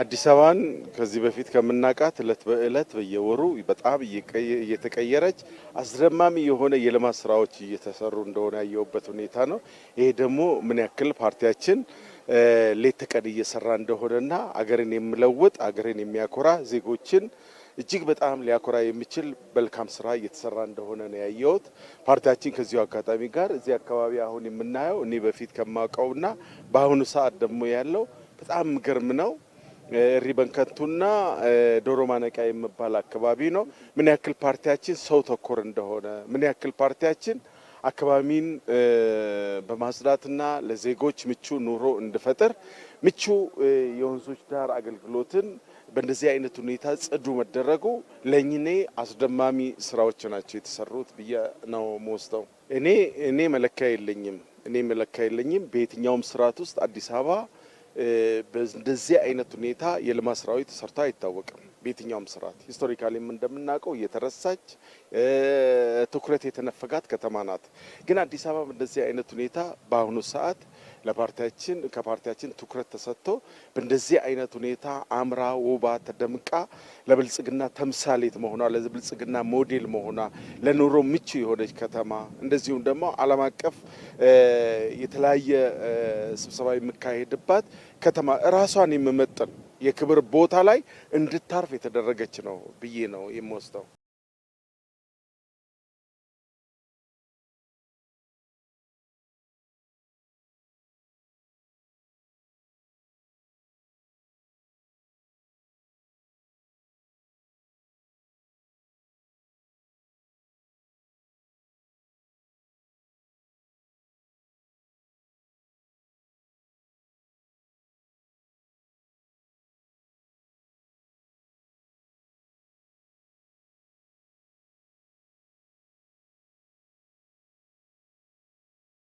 አዲስ አበባን ከዚህ በፊት ከምናውቃት እለት በእለት በየወሩ በጣም እየተቀየረች አስደማሚ የሆነ የልማት ስራዎች እየተሰሩ እንደሆነ ያየሁበት ሁኔታ ነው። ይሄ ደግሞ ምን ያክል ፓርቲያችን ሌት ተቀን እየሰራ እንደሆነና አገርን የሚለውጥ አገርን የሚያኮራ ዜጎችን እጅግ በጣም ሊያኮራ የሚችል መልካም ስራ እየተሰራ እንደሆነ ነው ያየሁት። ፓርቲያችን ከዚሁ አጋጣሚ ጋር እዚህ አካባቢ አሁን የምናየው እኔ በፊት ከማውቀውና በአሁኑ ሰዓት ደግሞ ያለው በጣም ግርም ነው። ሪበንከንቱና ዶሮ ማነቂያ የሚባል አካባቢ ነው። ምን ያክል ፓርቲያችን ሰው ተኮር እንደሆነ ምን ያክል ፓርቲያችን አካባቢን በማጽዳትና ለዜጎች ምቹ ኑሮ እንዲፈጠር ምቹ የወንዞች ዳር አገልግሎትን በእንደዚህ አይነት ሁኔታ ጽዱ መደረጉ ለእኝኔ አስደማሚ ስራዎች ናቸው የተሰሩት ብዬ ነው መወስተው። እኔ እኔ መለካ የለኝም እኔ መለካ የለኝም። በየትኛውም ስርዓት ውስጥ አዲስ አበባ በእንደዚህ አይነት ሁኔታ የልማት ስራዊ ተሰርቶ አይታወቅም። በየትኛውም ስርዓት ሂስቶሪካሊም እንደምናውቀው እየተረሳች ትኩረት የተነፈጋት ከተማ ናት። ግን አዲስ አበባ በእንደዚህ አይነት ሁኔታ በአሁኑ ሰዓት ለፓርቲያችን ከፓርቲያችን ትኩረት ተሰጥቶ በእንደዚህ አይነት ሁኔታ አምራ ውባ ተደምቃ ለብልጽግና ተምሳሌት መሆኗ ለብልጽግና ሞዴል መሆኗ ለኑሮ ምቹ የሆነች ከተማ እንደዚሁም ደግሞ ዓለም አቀፍ የተለያየ ስብሰባ የሚካሄድባት ከተማ እራሷን የምመጥን የክብር ቦታ ላይ እንድታርፍ የተደረገች ነው ብዬ ነው የምወስደው።